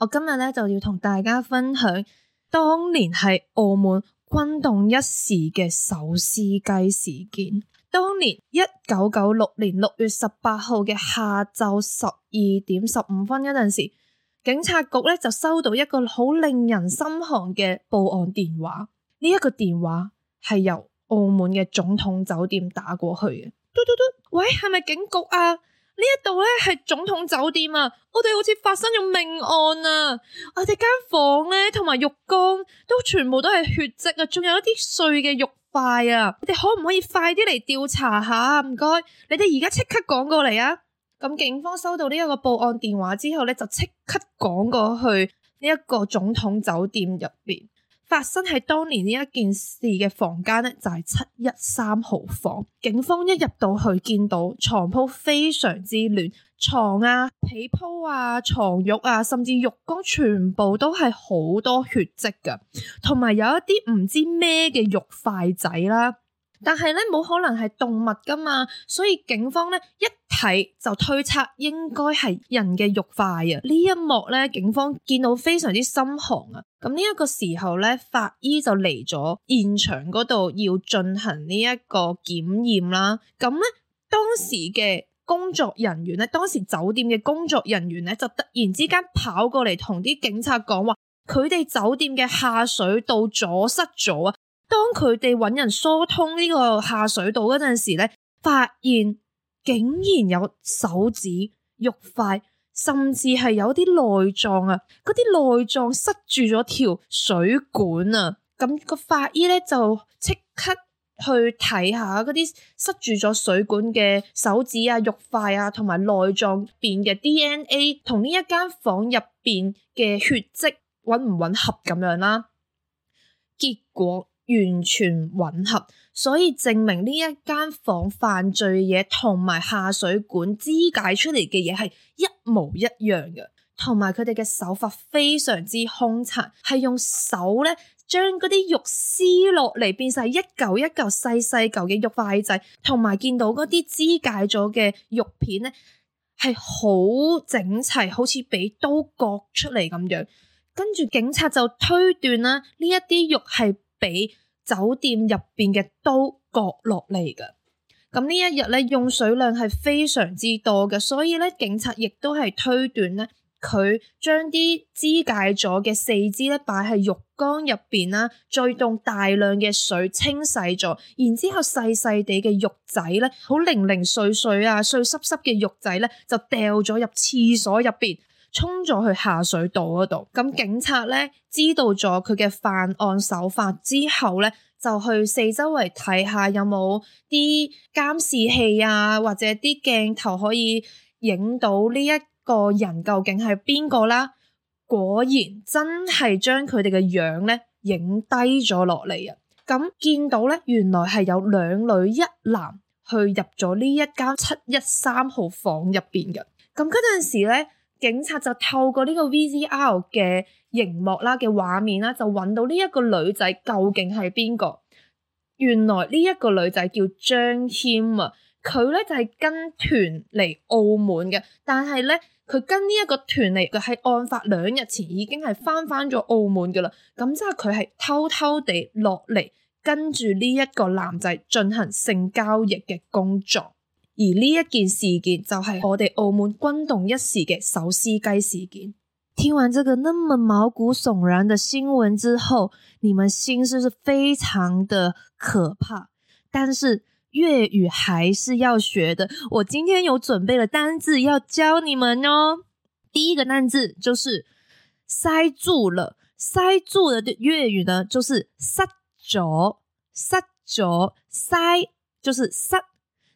我今日咧，就要同大家分享當年係澳門轟動一時嘅手撕雞事件。當年一九九六年六月十八號嘅下晝十二點十五分嗰陣時，警察局咧，就收到一個好令人心寒嘅報案電話。呢一個電話係由澳門嘅總統酒店打過去嘅。嘟嘟嘟，喂，係咪警局啊？呢度呢係總統酒店啊，我哋好似發生咗命案啊！我哋間房呢同埋浴缸都全部都係血跡啊，仲有一啲碎嘅肉塊啊！你哋可唔可以快啲嚟調查一下？唔該，你哋而家即刻講過嚟啊！咁警方收到呢一個報案電話之後呢，就即刻趕過去呢一個總統酒店入面。發生喺當年呢一件事嘅房間呢，就係七一三號房。警方一入到去看見，見到床鋪非常之亂，床啊、被鋪啊、床褥啊，甚至浴缸全部都係好多血跡嘅，同埋有一啲唔知咩嘅肉塊仔啦。但係呢，冇可能係動物噶嘛，所以警方呢，一睇就推測應該係人嘅肉塊啊！呢一幕咧，警方見到非常之心寒啊！咁呢一個時候咧，法醫就嚟咗現場嗰度要進行呢一個檢驗啦。咁咧，當時嘅工作人員咧，當時酒店嘅工作人員咧，就突然之間跑過嚟同啲警察講話，佢哋酒店嘅下水道阻塞咗啊！當佢哋揾人疏通呢個下水道嗰陣時咧，發現，竟然有手指、肉塊，甚至係有啲內臟啊！嗰啲內臟塞住咗條水管啊！咁個法醫咧就即刻去睇下嗰啲塞住咗水管嘅手指啊、肉塊啊，同埋內臟入邊嘅 DNA，同呢一間房入邊嘅血跡吻唔吻合咁樣啦？結果，完全吻合，所以證明呢一間房犯罪嘢同埋下水管肢解出嚟嘅嘢係一模一樣嘅，同埋佢哋嘅手法非常之兇殘，係用手咧將嗰啲肉撕落嚟，變晒一嚿一嚿細細嚿嘅肉塊仔，同埋見到嗰啲肢解咗嘅肉片咧係好整齊，好似俾刀割出嚟咁樣。跟住警察就推斷啦，呢一啲肉係俾酒店入邊嘅刀割落嚟㗎。咁呢一日咧用水量係非常之多嘅，所以咧警察亦都係推斷咧，佢將啲肢解咗嘅四肢咧擺喺浴缸入邊啦，再用大量嘅水清洗咗，然之後細細地嘅肉仔咧，好零零碎碎啊、碎濕濕嘅肉仔咧，就掉咗入廁所入邊。衝咗去下水道嗰度，咁警察咧知道咗佢嘅犯案手法之後咧，就去四周圍睇下有冇啲監視器啊，或者啲鏡頭可以影到呢一個人究竟係邊個啦。果然真係將佢哋嘅樣咧影低咗落嚟啊！咁見到咧，原來係有兩女一男去入咗呢一間七一三號房入邊嘅。咁嗰陣時咧。警察就透過呢個 VCR 嘅熒幕啦嘅畫面啦，就揾到呢一個女仔究竟係邊個？原來呢一個女仔叫張謙啊，佢咧就係跟團嚟澳門嘅，但係咧佢跟呢一個團嚟，佢喺案發兩日前已經係翻返咗澳門噶啦，咁即係佢係偷偷地落嚟跟住呢一個男仔進行性交易嘅工作。而呢一件事件就係我哋澳門轟動一時嘅手撕雞事件。聽完這個那麼毛骨悚然的新聞之後，你們心是不是非常的可怕？但是粵語還是要學的。我今天有準備了單字要教你們哦、喔。第一個單字就是塞住了，塞住了的粵語呢，就是塞咗，塞咗，塞，就是塞。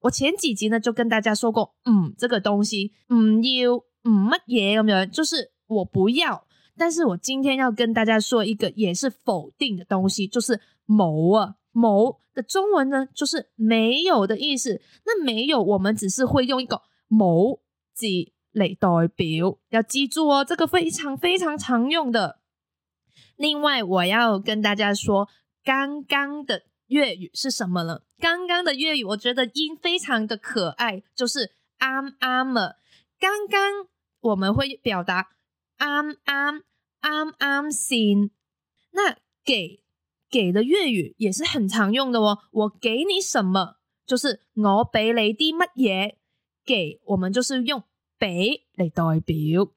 我前幾集呢就跟大家說過，嗯，這個東西，唔、嗯、要，嗯乜嘢，有沒有？就是我不要。但是我今天要跟大家說一個也是否定的東西，就是冇啊。冇的中文呢就是沒有的意思。那沒有我們只是會用一個冇字嚟代表。要記住哦，這個非常非常常用的。另外，我要跟大家說，剛剛的。粵語是什麼呢？剛剛的粵語，我覺得音非常的可愛，就是啱啱了。剛剛我們會表達啱啱啱啱先。那給給的粵語也是很常用的哦。我給你什麼，就是我俾你啲乜嘢。給，我們就是用俾嚟代表。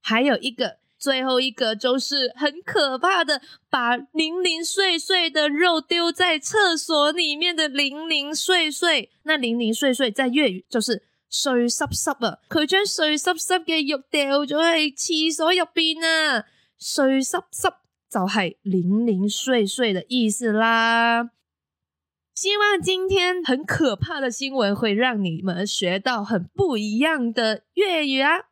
還有一個。最後一個就是很可怕的，把零零碎碎的肉丟在廁所裏面的零零碎碎。那零零碎碎在粵語就是碎濕濕啊，佢將碎濕濕嘅肉丟咗喺廁所入邊啊，碎濕濕就是零零碎碎的意思啦。希望今天很可怕的新聞會讓你們學到很不一樣的粵語啊。